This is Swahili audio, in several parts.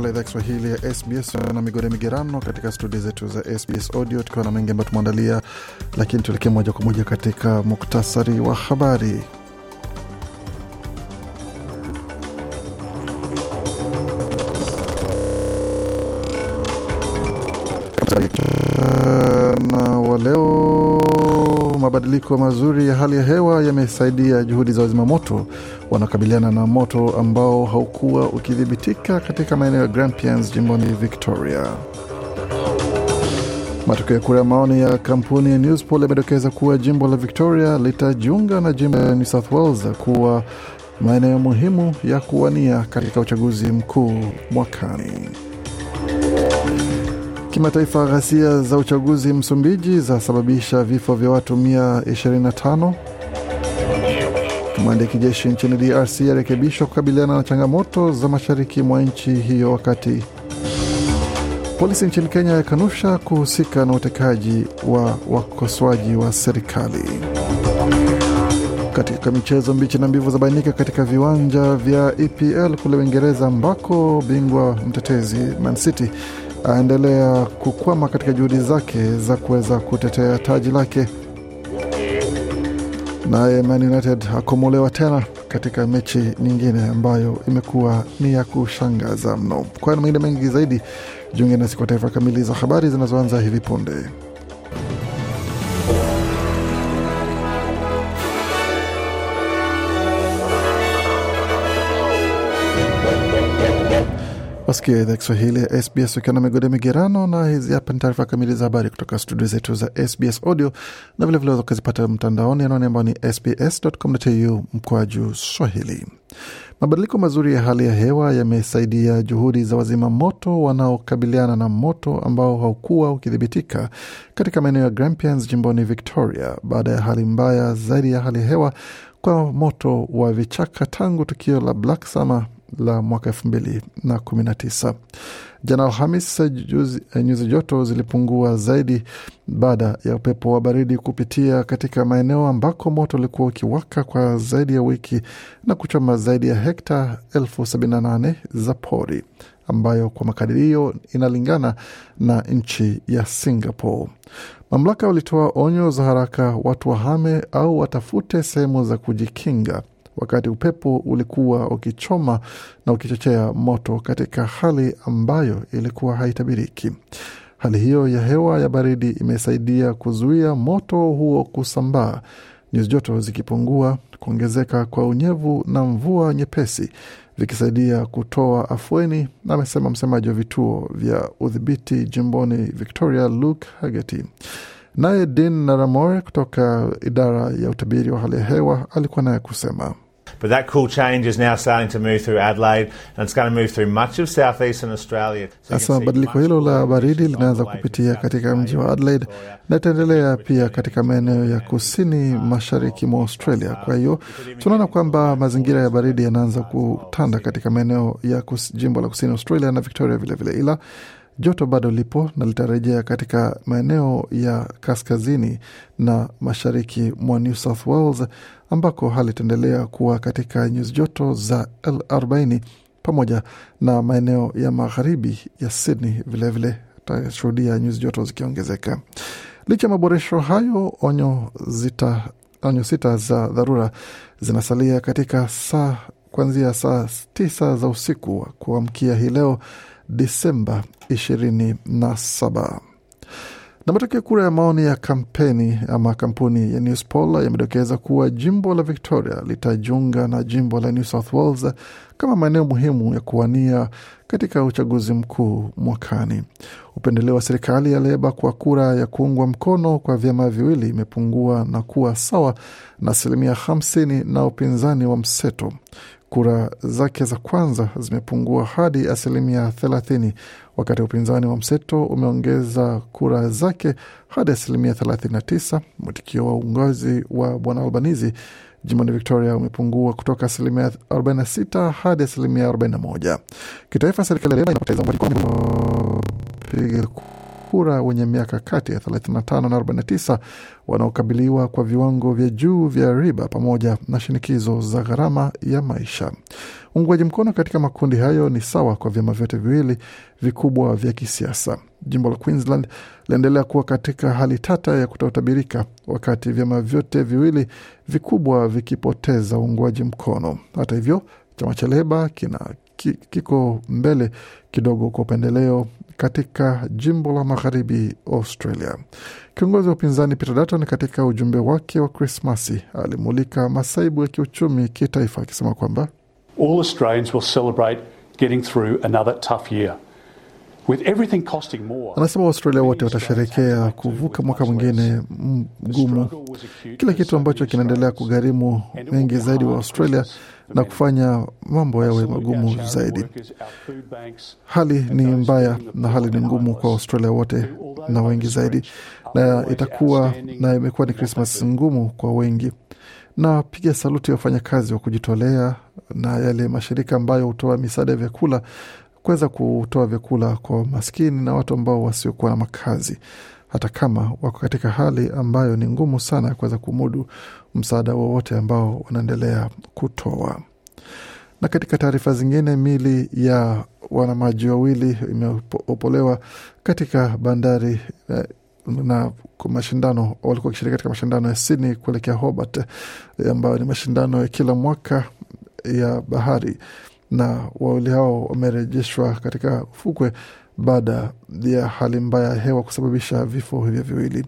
makala idhaa Kiswahili ya SBS na migode migerano katika studio zetu za SBS Audio, tukiwa na mengi ambayo tumeandalia, lakini tuelekee moja kwa moja katika muktasari wa habari. mabadiliko mazuri ya hali ya hewa yamesaidia juhudi za wazimamoto wanaokabiliana na moto ambao haukuwa ukidhibitika katika maeneo ya Grampians jimboni Victoria. Matokeo ya kura ya maoni ya kampuni ya yamedokeza kuwa jimbo la Victoria litajiunga na jimbo la New South Wales kuwa maeneo muhimu ya kuwania katika uchaguzi mkuu mwakani. Kimataifa, ghasia za uchaguzi Msumbiji zasababisha vifo vya watu 125. Kamanda ya kijeshi nchini DRC yarekebishwa kukabiliana na changamoto za mashariki mwa nchi hiyo, wakati polisi nchini Kenya yakanusha kuhusika na utekaji wa wakosoaji wa serikali. Katika michezo, mbichi na mbivu zabainika katika viwanja vya EPL kule Uingereza, ambako bingwa mtetezi Man City aendelea kukwama katika juhudi zake za kuweza kutetea taji lake. Naye Man United akomolewa tena katika mechi nyingine ambayo imekuwa ni ya kushangaza mno. Kwa na mengine mengi zaidi, jiunge nasi kwa taarifa kamili za habari zinazoanza hivi punde. Wasikia idhaa Kiswahili ya SBS ukiwa na migode migerano, na hizi hapa ni taarifa kamili za habari kutoka studio zetu za SBS Audio na vilevile ukazipata mtandaoni, anwani ambao ni sbs.com.au juu swahili. Mabadiliko mazuri ya hali ya hewa yamesaidia juhudi za wazima moto wanaokabiliana na moto ambao haukuwa ukithibitika katika maeneo ya Grampians jimboni Victoria, baada ya hali mbaya zaidi ya hali ya hewa kwa moto wa vichaka tangu tukio la Black Summer la mwaka elfu mbili na kumi na tisa. Jana Alhamis, nyuzi joto zilipungua zaidi baada ya upepo wa baridi kupitia katika maeneo ambako moto ulikuwa ukiwaka kwa zaidi ya wiki na kuchoma zaidi ya hekta elfu sabini na nane za pori ambayo kwa makadirio inalingana na nchi ya Singapore. Mamlaka walitoa onyo za haraka watu wahame au watafute sehemu za kujikinga wakati upepo ulikuwa ukichoma na ukichochea moto katika hali ambayo ilikuwa haitabiriki. Hali hiyo ya hewa ya baridi imesaidia kuzuia moto huo kusambaa, nyuzi joto zikipungua, kuongezeka kwa unyevu na mvua nyepesi vikisaidia kutoa afueni, amesema msemaji wa vituo vya udhibiti jimboni Victoria, Luke Hageti. Naye Dean Naramore kutoka idara ya utabiri wa hali ya hewa alikuwa naye kusema But that cool change is now starting to move through Adelaide and it's going to move through much of southeastern Australia. Sasa so badiliko hilo la baridi linaanza kupitia katika mji wa Adelaide na itaendelea pia katika maeneo ya kusini mashariki mwa Australia. Uh, Kwa hiyo tunaona kwamba mazingira ya baridi yanaanza kutanda katika maeneo ya kus, jimbo la kusini Australia na Victoria vilevile vile ila Joto bado lipo na litarejea katika maeneo ya kaskazini na mashariki mwa New South Wales ambako hali itaendelea kuwa katika nyuzi joto za 40 pamoja na maeneo ya magharibi ya Sydney vilevile tashuhudia nyuzi joto zikiongezeka. Licha ya maboresho hayo, onyo zita onyo sita za dharura zinasalia katika saa kuanzia saa tisa za usiku wa kuamkia hii leo Desemba 27. Na matokeo kura ya maoni ya kampeni ama kampuni ya Newspoll yamedokeza kuwa jimbo la Victoria litajiunga na jimbo la New South Wales kama maeneo muhimu ya kuwania katika uchaguzi mkuu mwakani. Upendeleo wa serikali ya Leba kwa kura ya kuungwa mkono kwa vyama viwili imepungua na kuwa sawa na asilimia hamsini na upinzani wa mseto. Kura zake za kwanza zimepungua hadi asilimia thelathini wakati upinzani wa mseto umeongeza kura zake hadi asilimia 39. Mwitikio wa uongozi wa bwana Albanizi jimboni Victoria umepungua kutoka asilimia 46 hadi asilimia 41. Kitaifa, serikali inapoteza piga kura wenye miaka kati ya 35 na 49 wanaokabiliwa kwa viwango vya juu vya riba pamoja na shinikizo za gharama ya maisha. Uungwaji mkono katika makundi hayo ni sawa kwa vyama vyote viwili vikubwa vya kisiasa. Jimbo la Queensland linaendelea kuwa katika hali tata ya kutotabirika, wakati vyama vyote viwili vikubwa vikipoteza uungwaji mkono. Hata hivyo, chama cha Leba kina kiko mbele kidogo kwa upendeleo katika jimbo la magharibi Australia. Kiongozi wa upinzani Peter Dutton katika ujumbe wake wa Krismasi alimulika masaibu ya kiuchumi kitaifa akisema kwamba All Australians will celebrate getting through another tough year Anasema Waustralia wote watasherekea kuvuka mwaka mwingine mgumu. Kila kitu ambacho kinaendelea kugharimu wengi zaidi wa Australia na kufanya mambo yawe magumu zaidi. Hali ni mbaya na hali ni ngumu kwa Australia wote na wengi zaidi, na itakuwa na imekuwa ni Krismas ngumu kwa wengi. Na piga saluti ya wafanyakazi wa kujitolea na yale mashirika ambayo hutoa misaada ya vyakula kuweza kutoa vyakula kwa maskini na watu ambao wasiokuwa na makazi hata kama wako katika hali ambayo ni ngumu sana ya kuweza kumudu msaada wowote ambao wanaendelea kutoa. Na katika taarifa zingine, mili ya wanamaji wawili imeopolewa katika bandari eh, na mashindano walikuwa wakishiriki katika mashindano ya Sydney kuelekea Hobart ambayo ni mashindano ya kila mwaka ya bahari na wawili hao wamerejeshwa katika ufukwe baada ya hali mbaya ya hewa kusababisha vifo hivyo viwili.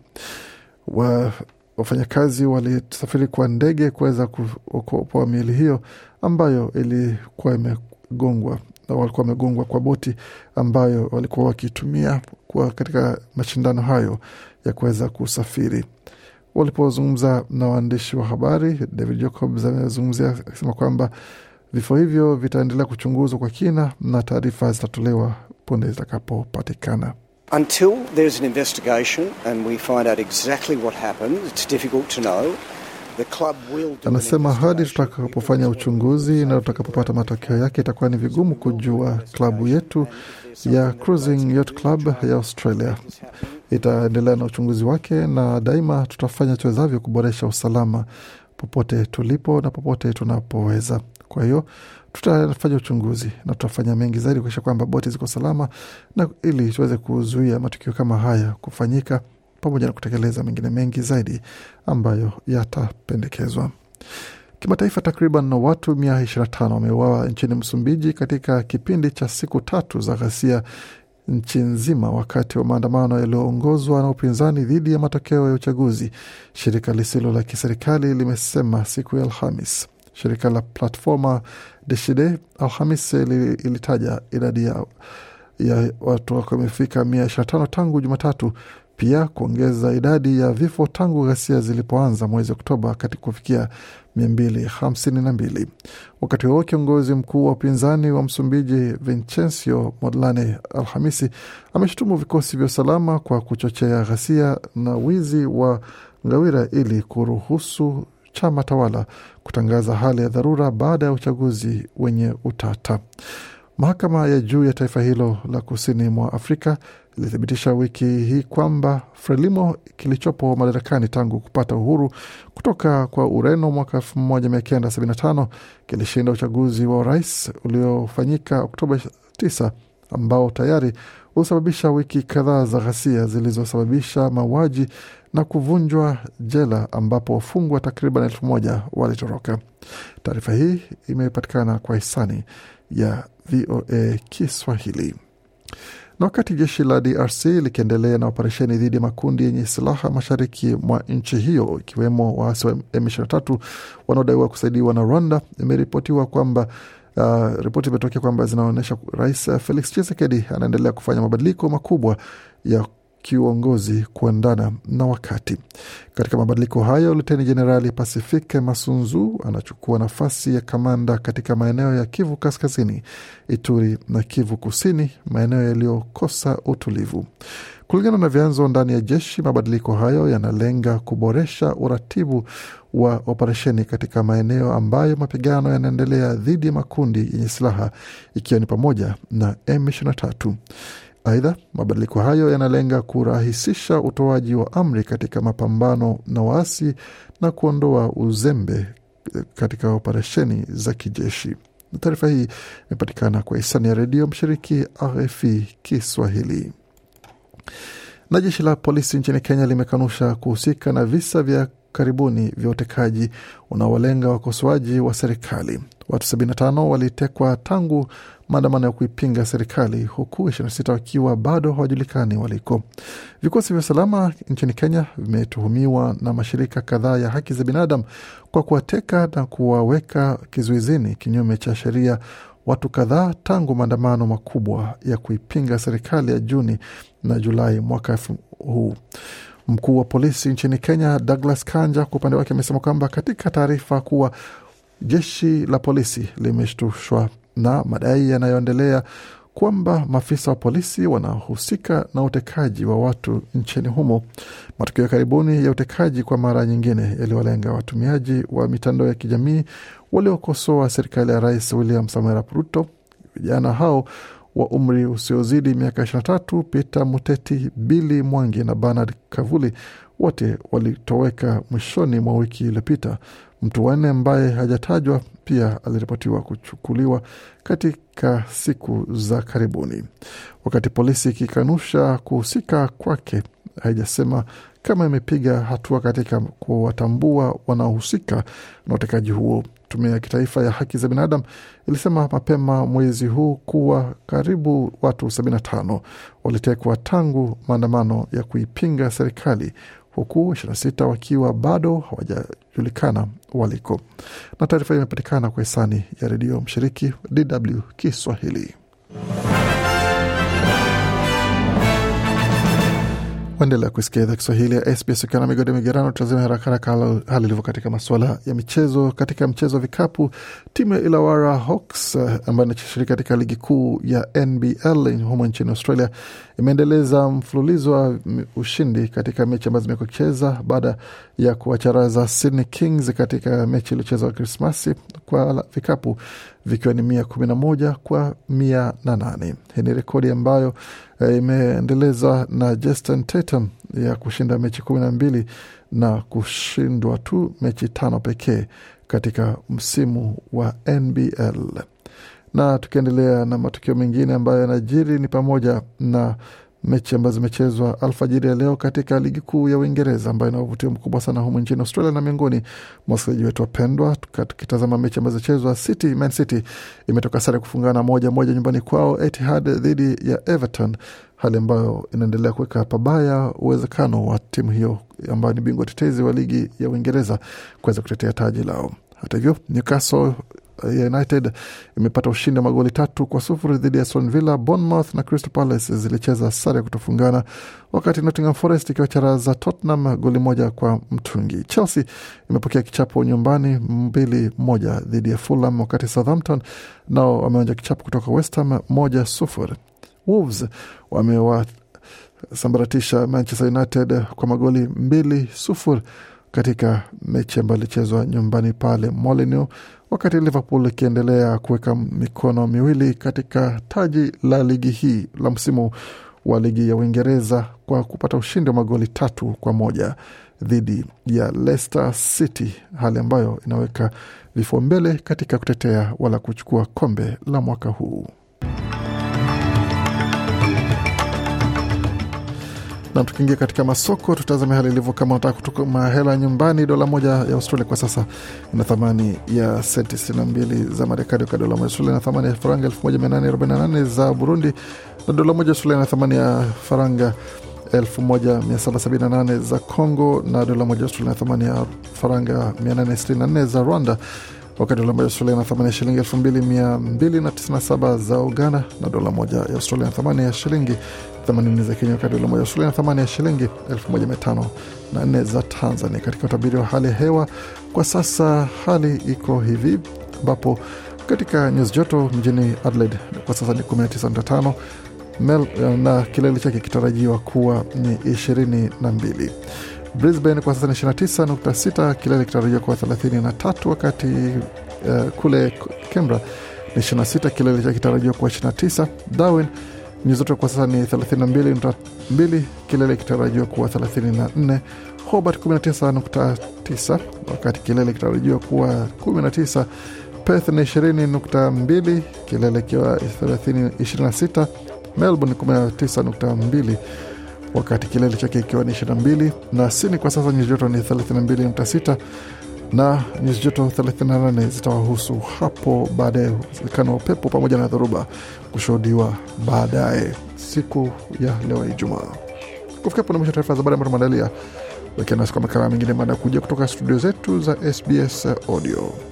Wa, wafanyakazi walisafiri kwa ndege kuweza kuokoa miili hiyo ambayo ilikuwa imegongwa walikuwa wamegongwa kwa boti ambayo walikuwa wakitumia kuwa katika mashindano hayo ya kuweza kusafiri. Walipozungumza na waandishi wa habari, David Jacobs amezungumzia akisema kwamba Vifo hivyo vitaendelea kuchunguzwa kwa kina na taarifa zitatolewa punde zitakapopatikana. Until there's an investigation and we find out exactly what happened, it's difficult to know. Anasema hadi tutakapofanya uchunguzi na tutakapopata matokeo yake itakuwa ni vigumu kujua. Klabu yetu ya Cruising Yacht Club ya Australia itaendelea na uchunguzi wake, na daima tutafanya tuwezavyo kuboresha usalama popote tulipo na popote tunapoweza. Kwa hiyo tutafanya uchunguzi na tutafanya mengi zaidi kuisha kwamba boti ziko salama, na ili tuweze kuzuia matukio kama haya kufanyika, pamoja na kutekeleza mengine mengi zaidi ambayo yatapendekezwa. Kimataifa, takriban watu mia ishirini tano wameuawa nchini Msumbiji katika kipindi cha siku tatu za ghasia nchi nzima wakati wa maandamano yaliyoongozwa na upinzani dhidi ya matokeo ya uchaguzi, shirika lisilo la kiserikali limesema siku ya Alhamis. Shirika la platforma Decide alhamis ilitaja idadi ya, ya watu wakiwa wamefika mia ishirini na tano tangu Jumatatu, pia kuongeza idadi ya vifo tangu ghasia zilipoanza mwezi Oktoba kati kufikia mbili. Wakati huo kiongozi mkuu wa upinzani wa Msumbiji Vincencio Modlane Alhamisi ameshutumu vikosi vya usalama kwa kuchochea ghasia na wizi wa ngawira ili kuruhusu chama tawala kutangaza hali ya dharura baada ya uchaguzi wenye utata. Mahakama ya juu ya taifa hilo la kusini mwa Afrika ilithibitisha wiki hii kwamba Frelimo kilichopo madarakani tangu kupata uhuru kutoka kwa Ureno mwaka 1975 kilishinda uchaguzi wa urais uliofanyika Oktoba 9 ambao tayari husababisha wiki kadhaa za ghasia zilizosababisha mauaji na kuvunjwa jela ambapo wafungwa takriban elfu moja walitoroka. Taarifa hii imepatikana kwa hisani ya VOA Kiswahili. Na wakati jeshi la DRC likiendelea na operesheni dhidi ya makundi yenye silaha mashariki mwa nchi hiyo ikiwemo waasi wa M23 wanaodaiwa kusaidiwa na Rwanda, imeripotiwa kwamba Uh, ripoti imetokea kwamba zinaonyesha Rais Felix chisekedi anaendelea kufanya mabadiliko makubwa ya kiuongozi kuendana na wakati. Katika mabadiliko hayo, Luteni Jenerali Pasifike Masunzu anachukua nafasi ya kamanda katika maeneo ya Kivu Kaskazini, Ituri na Kivu Kusini, maeneo yaliyokosa utulivu. Kulingana na vyanzo ndani ya jeshi, mabadiliko hayo yanalenga kuboresha uratibu wa operesheni katika maeneo ambayo mapigano yanaendelea dhidi ya makundi yenye silaha ikiwa ni pamoja na M23. Aidha, mabadiliko hayo yanalenga kurahisisha utoaji wa amri katika mapambano na waasi na kuondoa uzembe eh, katika operesheni za kijeshi. Taarifa hii imepatikana kwa hisani ya redio mshiriki RFI Kiswahili. Na jeshi la polisi nchini Kenya limekanusha kuhusika na visa vya karibuni vya utekaji unaowalenga wakosoaji wa serikali. Watu 75 walitekwa tangu maandamano ya kuipinga serikali, huku 26 wakiwa bado hawajulikani waliko. Vikosi vya usalama nchini Kenya vimetuhumiwa na mashirika kadhaa ya haki za binadamu kwa kuwateka na kuwaweka kizuizini kinyume cha sheria watu kadhaa tangu maandamano makubwa ya kuipinga serikali ya Juni na Julai mwaka huu. Mkuu wa polisi nchini Kenya Douglas Kanja kwa upande wake amesema kwamba katika taarifa kuwa jeshi la polisi limeshtushwa na madai yanayoendelea kwamba maafisa wa polisi wanahusika na utekaji wa watu nchini humo. Matukio ya karibuni ya utekaji kwa mara nyingine yaliwalenga watumiaji wa mitandao ya kijamii waliokosoa serikali ya Rais William Samoei Ruto. Vijana hao wa umri usiozidi miaka 23 Peter Muteti, Bili Mwangi na Bernard Kavuli wote walitoweka mwishoni mwa wiki iliyopita. Mtu wanne ambaye hajatajwa pia aliripotiwa kuchukuliwa katika siku za karibuni, wakati polisi ikikanusha kuhusika kwake, haijasema kama imepiga hatua katika kuwatambua wanaohusika na utekaji huo. Tume ya Kitaifa ya Haki za Binadamu ilisema mapema mwezi huu kuwa karibu watu 75 walitekwa tangu maandamano ya kuipinga serikali huku 26 wakiwa bado hawajajulikana waliko. Na taarifa imepatikana kwa hisani ya redio mshiriki DW Kiswahili. Waendelea kusikia idhaa Kiswahili ya SBS ukiwa na migodi migerano. Tutazima haraka haraka hali ilivyo katika masuala ya michezo. Katika mchezo wa vikapu, timu ya Illawarra Hawks eh, ambayo inashiriki katika ligi kuu ya NBL humo nchini Australia imeendeleza mfululizo wa ushindi katika mechi ambazo zimekuwa ikicheza baada ya kuwacharaza Sydney Kings katika mechi iliyochezwa Krismasi kwa vikapu vikiwa ni mia kumi na moja kwa mia na nane. Hii ni rekodi ambayo eh, imeendelezwa na Justin Tatum ya kushinda mechi kumi na mbili na kushindwa tu mechi tano pekee katika msimu wa NBL. Na tukiendelea na matukio mengine ambayo yanajiri ni pamoja na mechi ambazo zimechezwa alfajiri ya leo katika ligi kuu ya Uingereza ambayo ina uvutio mkubwa sana humu nchini Australia na miongoni mwa wachezaji wetu wapendwa. Tukitazama mechi ambazo zimechezwa, City Man City imetoka sare kufungana moja moja nyumbani kwao Etihad dhidi ya Everton, hali ambayo inaendelea kuweka pabaya uwezekano wa timu hiyo ambayo ni bingwa tetezi wa ligi ya Uingereza kuweza kutetea taji lao. Hata hivyo Newcastle ya United imepata ushindi wa magoli tatu kwa sufuri dhidi ya Aston Villa. Bournemouth na Crystal Palace zilicheza sare ya kutofungana, wakati Nottingham Forest ikiwacharaza Tottenham goli moja kwa mtungi. Chelsea imepokea kichapo nyumbani mbili moja dhidi ya Fulham, wakati Southampton nao wameonja kichapo kutoka West Ham moja sufuri. Wolves wamewasambaratisha Manchester United kwa magoli mbili sufuri katika mechi ambayo ilichezwa nyumbani pale Molineux, wakati Liverpool ikiendelea kuweka mikono miwili katika taji la ligi hii la msimu wa ligi ya Uingereza kwa kupata ushindi wa magoli tatu kwa moja dhidi ya Leicester City, hali ambayo inaweka vifo mbele katika kutetea wala kuchukua kombe la mwaka huu. Na tukiingia katika masoko, tutazame hali ilivyo. Kama unataka kutuma hela nyumbani, dola moja ya Australia kwa sasa ina thamani ya senti 62 za Marekani, wakati dola moja Australia na thamani ya faranga 1848 za Burundi, na dola moja Australia na thamani ya faranga 1778 za Congo, na dola moja Australia na thamani ya faranga 864 za Rwanda wakati dola moja ya Australia na thamani ya shilingi 2297 za Uganda na dola moja ya Australia na thamani ya shilingi 80 za Kenya, wakati dola moja ya Australia na thamani ya shilingi 1504 za Tanzania. Katika utabiri wa hali ya hewa kwa sasa, hali iko hivi ambapo katika nyuzi joto mjini Adelaide kwa sasa ni 19.5 na kilele chake kitarajiwa kuwa ni 22. Brisbane kwa sasa ni 29.6, kilele kitarajiwa kuwa 33, wakati uh, kule Canberra ni 26, kilele cha kitarajiwa kuwa 29. Darwin nyuzi joto kwa sasa ni 32.2, kilele kitarajiwa kuwa 34. Hobart 19.9, wakati kilele kitarajiwa kuwa 19. Perth ni 20.2, kilele kiwa 26. Melbourne 19.2 wakati kilele chake ikiwa ni 22 na sini kwa sasa nyuzi joto ni 32.6 na nyuzi joto 38 zitawahusu hapo baadaye. Uwezekano wa upepo pamoja na dhoruba kushuhudiwa baadaye siku ya leo ya Ijumaa. Kufika hapo mwisho taarifa za habari ambazo tumeandalia. Bakia nasi kwa makala mengine maada kuja kutoka studio zetu za SBS Audio.